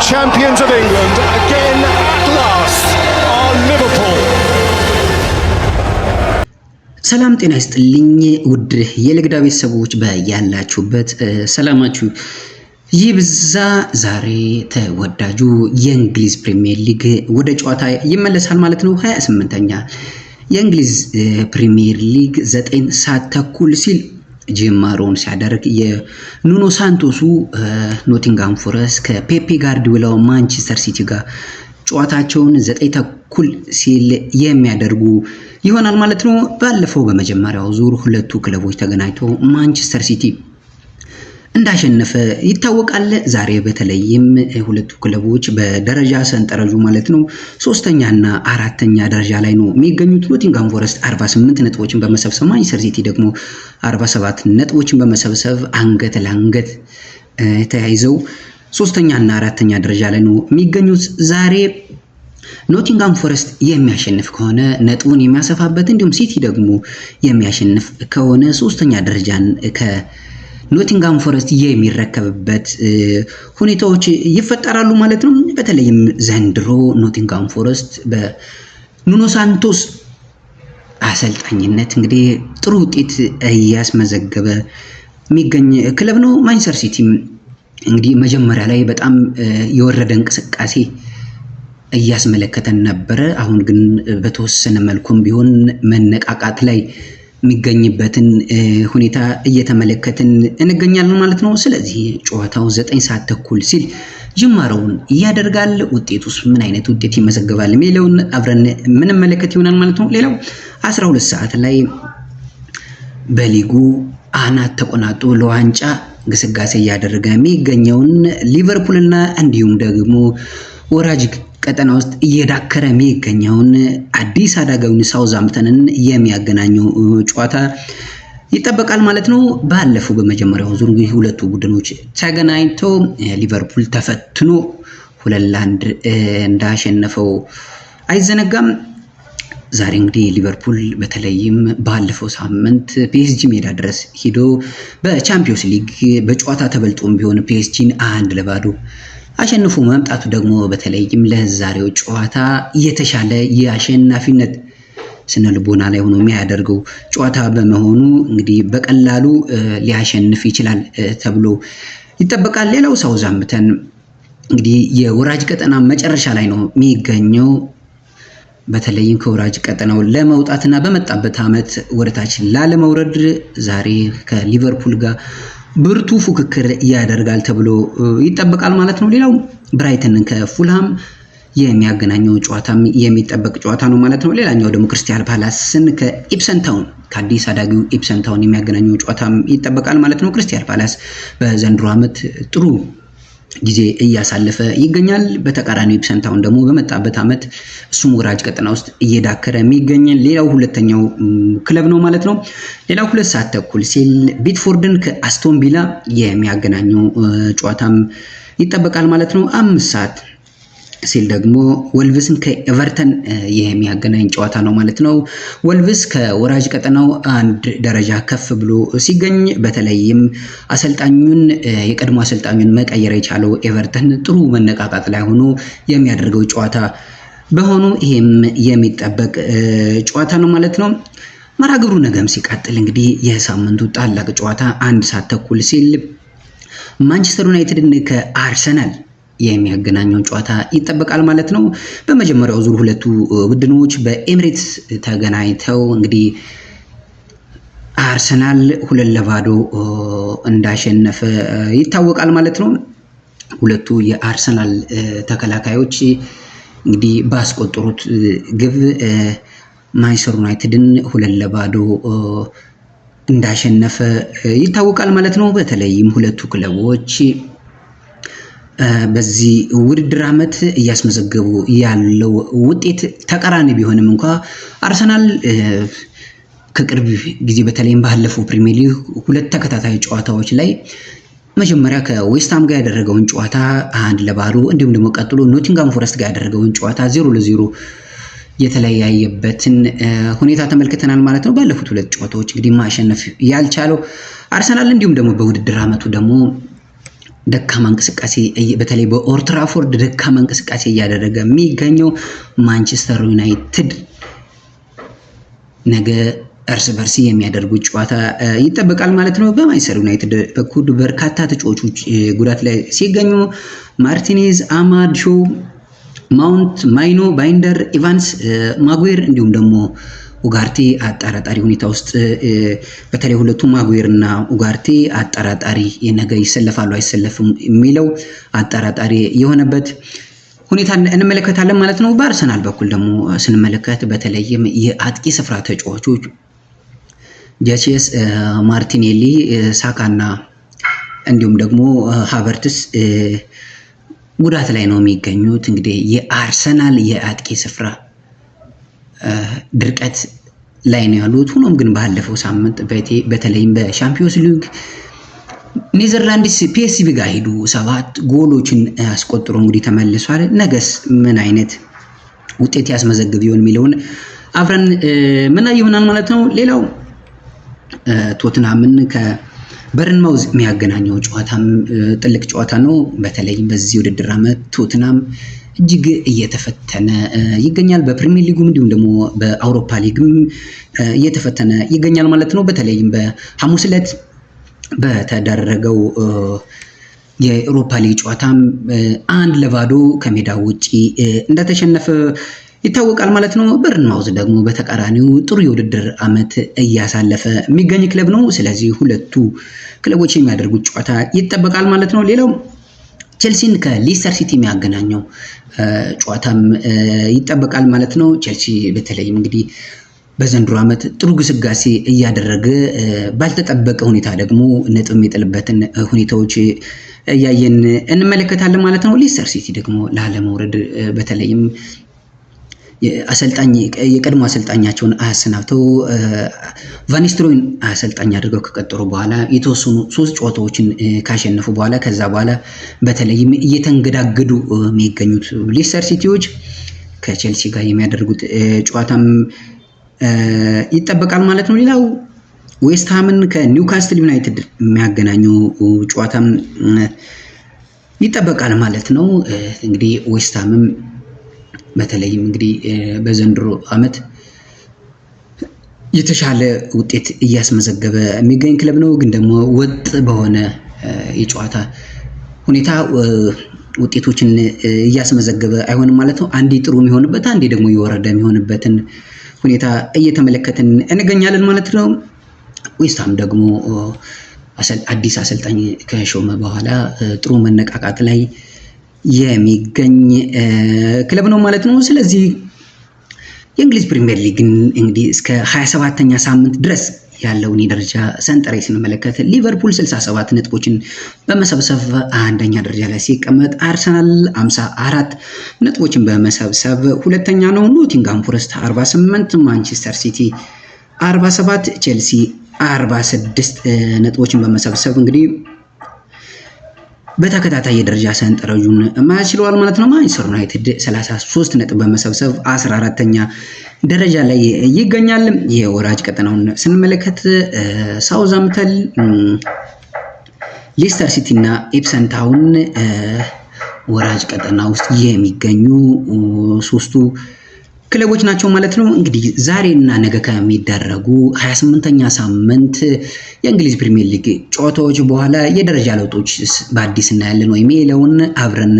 champions of England again at last are Liverpool. ሰላም ጤና ይስጥልኝ ውድ የልግዳ ቤተሰቦች በያላችሁበት ሰላማችሁ ይብዛ። ዛሬ ተወዳጁ የእንግሊዝ ፕሪሚየር ሊግ ወደ ጨዋታ ይመለሳል ማለት ነው። 28ኛ የእንግሊዝ ፕሪሚየር ሊግ 9 ሰዓት ተኩል ሲል ጅማሮን ሲያደርግ የኑኖ ሳንቶሱ ኖቲንጋም ፎረስ ከፔፔ ጋርዲዮላው ማንቸስተር ሲቲ ጋር ጨዋታቸውን ዘጠኝ ተኩል ሲል የሚያደርጉ ይሆናል ማለት ነው። ባለፈው በመጀመሪያው ዙር ሁለቱ ክለቦች ተገናኝተው ማንቸስተር ሲቲ እንዳሸነፈ ይታወቃል። ዛሬ በተለይም ሁለቱ ክለቦች በደረጃ ሰንጠረዡ ማለት ነው ሶስተኛና አራተኛ ደረጃ ላይ ነው የሚገኙት። ኖቲንጋም ፎረስት 48 ነጥቦችን በመሰብሰብ ማንቸስተር ሲቲ ደግሞ 47 ነጥቦችን በመሰብሰብ አንገት ለአንገት ተያይዘው ሶስተኛና አራተኛ ደረጃ ላይ ነው የሚገኙት ዛሬ ኖቲንጋም ፎረስት የሚያሸንፍ ከሆነ ነጥቡን የሚያሰፋበት እንዲሁም ሲቲ ደግሞ የሚያሸንፍ ከሆነ ሶስተኛ ደረጃን ከ ኖቲንጋም ፎረስት የሚረከብበት ሁኔታዎች ይፈጠራሉ ማለት ነው። በተለይም ዘንድሮ ኖቲንጋም ፎረስት በኑኖ ሳንቶስ አሰልጣኝነት እንግዲህ ጥሩ ውጤት እያስመዘገበ የሚገኝ ክለብ ነው። ማንቸስተር ሲቲም እንግዲህ መጀመሪያ ላይ በጣም የወረደ እንቅስቃሴ እያስመለከተን ነበረ። አሁን ግን በተወሰነ መልኩም ቢሆን መነቃቃት ላይ የሚገኝበትን ሁኔታ እየተመለከትን እንገኛለን ማለት ነው። ስለዚህ ጨዋታው ዘጠኝ ሰዓት ተኩል ሲል ጅማረውን ያደርጋል። ውጤቱስ ምን አይነት ውጤት ይመዘግባል የሚለውን አብረን ምንመለከት ይሆናል ማለት ነው። ሌላው አስራ ሁለት ሰዓት ላይ በሊጉ አናት ተቆናጦ ለዋንጫ ግስጋሴ እያደረገ የሚገኘውን ሊቨርፑልና እንዲሁም ደግሞ ወራጅ ቀጠና ውስጥ እየዳከረ የሚገኘውን አዲስ አዳጋውን ሳውዛምፕተንን የሚያገናኙ ጨዋታ ይጠበቃል ማለት ነው። ባለፈው በመጀመሪያው ዙር እንግዲህ ሁለቱ ቡድኖች ተገናኝተው ሊቨርፑል ተፈትኖ ሁለት ለአንድ እንዳሸነፈው አይዘነጋም። ዛሬ እንግዲህ ሊቨርፑል በተለይም ባለፈው ሳምንት ፒኤስጂ ሜዳ ድረስ ሂዶ በቻምፒዮንስ ሊግ በጨዋታ ተበልጦም ቢሆን ፒኤስጂን አንድ ለባዶ አሸንፎ መምጣቱ ደግሞ በተለይም ለዛሬው ጨዋታ የተሻለ የአሸናፊነት ስነ ልቦና ላይ ሆኖ የሚያደርገው ጨዋታ በመሆኑ እንግዲህ በቀላሉ ሊያሸንፍ ይችላል ተብሎ ይጠበቃል። ሌላው ሳውዛምተን እንግዲህ የወራጅ ቀጠና መጨረሻ ላይ ነው የሚገኘው። በተለይም ከወራጅ ቀጠናው ለመውጣትና በመጣበት ዓመት ወደታች ላለመውረድ ዛሬ ከሊቨርፑል ጋር ብርቱ ፉክክር ያደርጋል ተብሎ ይጠበቃል ማለት ነው። ሌላው ብራይተንን ከፉልሃም የሚያገናኘው ጨዋታም የሚጠበቅ ጨዋታ ነው ማለት ነው። ሌላኛው ደግሞ ክርስቲያን ፓላስን ከኢፕሰን ታውን ከአዲስ አዳጊው ኢፕሰን ታውን የሚያገናኘው ጨዋታም ይጠበቃል ማለት ነው። ክርስቲያን ፓላስ በዘንድሮ ዓመት ጥሩ ጊዜ እያሳለፈ ይገኛል። በተቃራኒው ኢፕሰንታውን ደግሞ በመጣበት ዓመት እሱም ወራጅ ቀጠና ውስጥ እየዳከረ የሚገኝ ሌላው ሁለተኛው ክለብ ነው ማለት ነው። ሌላው ሁለት ሰዓት ተኩል ሲል ቢትፎርድን ከአስቶን ቪላ የሚያገናኘው ጨዋታም ይጠበቃል ማለት ነው። አምስት ሰዓት ሲል ደግሞ ወልቭስን ከኤቨርተን የሚያገናኝ ጨዋታ ነው ማለት ነው። ወልቭስ ከወራጅ ቀጠናው አንድ ደረጃ ከፍ ብሎ ሲገኝ በተለይም አሰልጣኙን የቀድሞ አሰልጣኙን መቀየር የቻለው ኤቨርተን ጥሩ መነቃቃት ላይ ሆኖ የሚያደርገው ጨዋታ በሆኑ ይሄም የሚጠበቅ ጨዋታ ነው ማለት ነው። መርሃ ግብሩ ነገም ሲቀጥል እንግዲህ የሳምንቱ ታላቅ ጨዋታ አንድ ሰዓት ተኩል ሲል ማንቸስተር ዩናይትድን ከአርሰናል የሚያገናኘው ጨዋታ ይጠበቃል ማለት ነው። በመጀመሪያው ዙር ሁለቱ ቡድኖች በኤምሬትስ ተገናኝተው እንግዲህ አርሰናል ሁለት ለባዶ እንዳሸነፈ ይታወቃል ማለት ነው። ሁለቱ የአርሰናል ተከላካዮች እንግዲህ ባስቆጠሩት ግብ ማንቸስተር ዩናይትድን ሁለት ለባዶ እንዳሸነፈ ይታወቃል ማለት ነው። በተለይም ሁለቱ ክለቦች በዚህ ውድድር ዓመት እያስመዘገቡ ያለው ውጤት ተቃራኒ ቢሆንም እንኳ አርሰናል ከቅርብ ጊዜ በተለይም ባለፈው ፕሪሚየር ሊግ ሁለት ተከታታይ ጨዋታዎች ላይ መጀመሪያ ከዌስትሃም ጋር ያደረገውን ጨዋታ አንድ ለባዶ እንዲሁም ደግሞ ቀጥሎ ኖቲንጋም ፎረስት ጋር ያደረገውን ጨዋታ ዜሮ ለዜሮ የተለያየበትን ሁኔታ ተመልክተናል ማለት ነው። ባለፉት ሁለት ጨዋታዎች እንግዲህ ማሸነፍ ያልቻለው አርሰናል እንዲሁም ደግሞ በውድድር ዓመቱ ደግሞ ደካማ እንቅስቃሴ በተለይ በኦርትራፎርድ ደካማ እንቅስቃሴ እያደረገ የሚገኘው ማንቸስተር ዩናይትድ ነገ እርስ በርስ የሚያደርጉት ጨዋታ ይጠበቃል ማለት ነው። በማንቸስተር ዩናይትድ በኩል በርካታ ተጫዋቾች ጉዳት ላይ ሲገኙ ማርቲኔዝ፣ አማድ ሾው፣ ማውንት፣ ማይኖ፣ ባይንደር፣ ኢቫንስ፣ ማጉዌር እንዲሁም ደግሞ ኡጋርቴ አጠራጣሪ ሁኔታ ውስጥ በተለይ ሁለቱም አጉዌር ኡጋርቲ ኡጋርቴ አጠራጣሪ ነገ ይሰለፋሉ አይሰለፍም የሚለው አጠራጣሪ የሆነበት ሁኔታ እንመለከታለን ማለት ነው። በአርሰናል በኩል ደግሞ ስንመለከት በተለይም የአጥቂ ስፍራ ተጫዋቾች ጀቼስ፣ ማርቲኔሊ፣ ሳካና እንዲሁም ደግሞ ሀበርትስ ጉዳት ላይ ነው የሚገኙት። እንግዲህ የአርሰናል የአጥቂ ስፍራ ድርቀት ላይ ነው ያሉት። ሆኖም ግን ባለፈው ሳምንት በተለይም በሻምፒዮንስ ሊግ ኔዘርላንድስ ፒኤስቪ ጋር ሄዱ፣ ሰባት ጎሎችን አስቆጥሮ እንግዲህ ተመልሷል። ነገስ ምን አይነት ውጤት ያስመዘግብ ይሆን የሚለውን አብረን ምን ይሆናል ማለት ነው። ሌላው ቶትናምን ከበርንማውዝ የሚያገናኘው ጨዋታም ጥልቅ ጨዋታ ነው። በተለይም በዚህ ውድድር ዓመት ቶትናም እጅግ እየተፈተነ ይገኛል። በፕሪሚየር ሊጉም እንዲሁም ደግሞ በአውሮፓ ሊግም እየተፈተነ ይገኛል ማለት ነው። በተለይም በሐሙስ ዕለት በተደረገው የአውሮፓ ሊግ ጨዋታም አንድ ለባዶ ከሜዳ ውጪ እንደተሸነፈ ይታወቃል ማለት ነው። በርንማውዝ ደግሞ በተቃራኒው ጥሩ የውድድር ዓመት እያሳለፈ የሚገኝ ክለብ ነው። ስለዚህ ሁለቱ ክለቦች የሚያደርጉት ጨዋታ ይጠበቃል ማለት ነው። ሌላው ቼልሲን ከሊስተር ሲቲ የሚያገናኘው ጨዋታም ይጠበቃል ማለት ነው። ቼልሲ በተለይም እንግዲህ በዘንድሮ ዓመት ጥሩ ግስጋሴ እያደረገ ባልተጠበቀ ሁኔታ ደግሞ ነጥብ የሚጥልበትን ሁኔታዎች እያየን እንመለከታለን ማለት ነው። ሊስተር ሲቲ ደግሞ ላለመውረድ በተለይም አሰልጣኝ የቀድሞ አሰልጣኛቸውን አያሰናብተው ቫኒስትሮይን አሰልጣኝ አድርገው ከቀጠሩ በኋላ የተወሰኑ ሶስት ጨዋታዎችን ካሸነፉ በኋላ ከዛ በኋላ በተለይም እየተንገዳገዱ የሚገኙት ሌስተር ሲቲዎች ከቼልሲ ጋር የሚያደርጉት ጨዋታም ይጠበቃል ማለት ነው። ሌላው ዌስትሃምን ከኒውካስትል ዩናይትድ የሚያገናኙ ጨዋታም ይጠበቃል ማለት ነው። እንግዲህ ዌስትሃምም በተለይም እንግዲህ በዘንድሮ ዓመት የተሻለ ውጤት እያስመዘገበ የሚገኝ ክለብ ነው። ግን ደግሞ ወጥ በሆነ የጨዋታ ሁኔታ ውጤቶችን እያስመዘገበ አይሆንም ማለት ነው። አንዴ ጥሩ የሚሆንበት፣ አንዴ ደግሞ የወረደ የሚሆንበትን ሁኔታ እየተመለከትን እንገኛለን ማለት ነው። ዌስትሃም ደግሞ አዲስ አሰልጣኝ ከሾመ በኋላ ጥሩ መነቃቃት ላይ የሚገኝ ክለብ ነው ማለት ነው። ስለዚህ የእንግሊዝ ፕሪሚየር ሊግን እንግዲህ እስከ 27ተኛ ሳምንት ድረስ ያለውን የደረጃ ሰንጠረዥ ስንመለከት ሊቨርፑል 67 ነጥቦችን በመሰብሰብ አንደኛ ደረጃ ላይ ሲቀመጥ፣ አርሰናል 54 ነጥቦችን በመሰብሰብ ሁለተኛ ነው። ኖቲንግሃም ፎረስት 48፣ ማንቸስተር ሲቲ 47፣ ቼልሲ 46 ነጥቦችን በመሰብሰብ እንግዲህ በተከታታይ የደረጃ ሰንጠረዡን ማችለዋል ማለት ነው። ማንቸስተር ዩናይትድ 33 ነጥብ በመሰብሰብ 14ተኛ ደረጃ ላይ ይገኛል። የወራጅ ቀጠናውን ስንመለከት ሳውዛምተል፣ ሌስተር ሲቲ እና ኤፕሰን ታውን ወራጅ ቀጠና ውስጥ የሚገኙ ሶስቱ ክለቦች ናቸው ማለት ነው። እንግዲህ ዛሬና ነገ ከሚደረጉ 28ኛ ሳምንት የእንግሊዝ ፕሪሚየር ሊግ ጨዋታዎች በኋላ የደረጃ ለውጦች በአዲስ እናያለን ወይም የለውን አብረን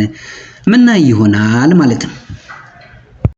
ምናይ ይሆናል ማለት ነው።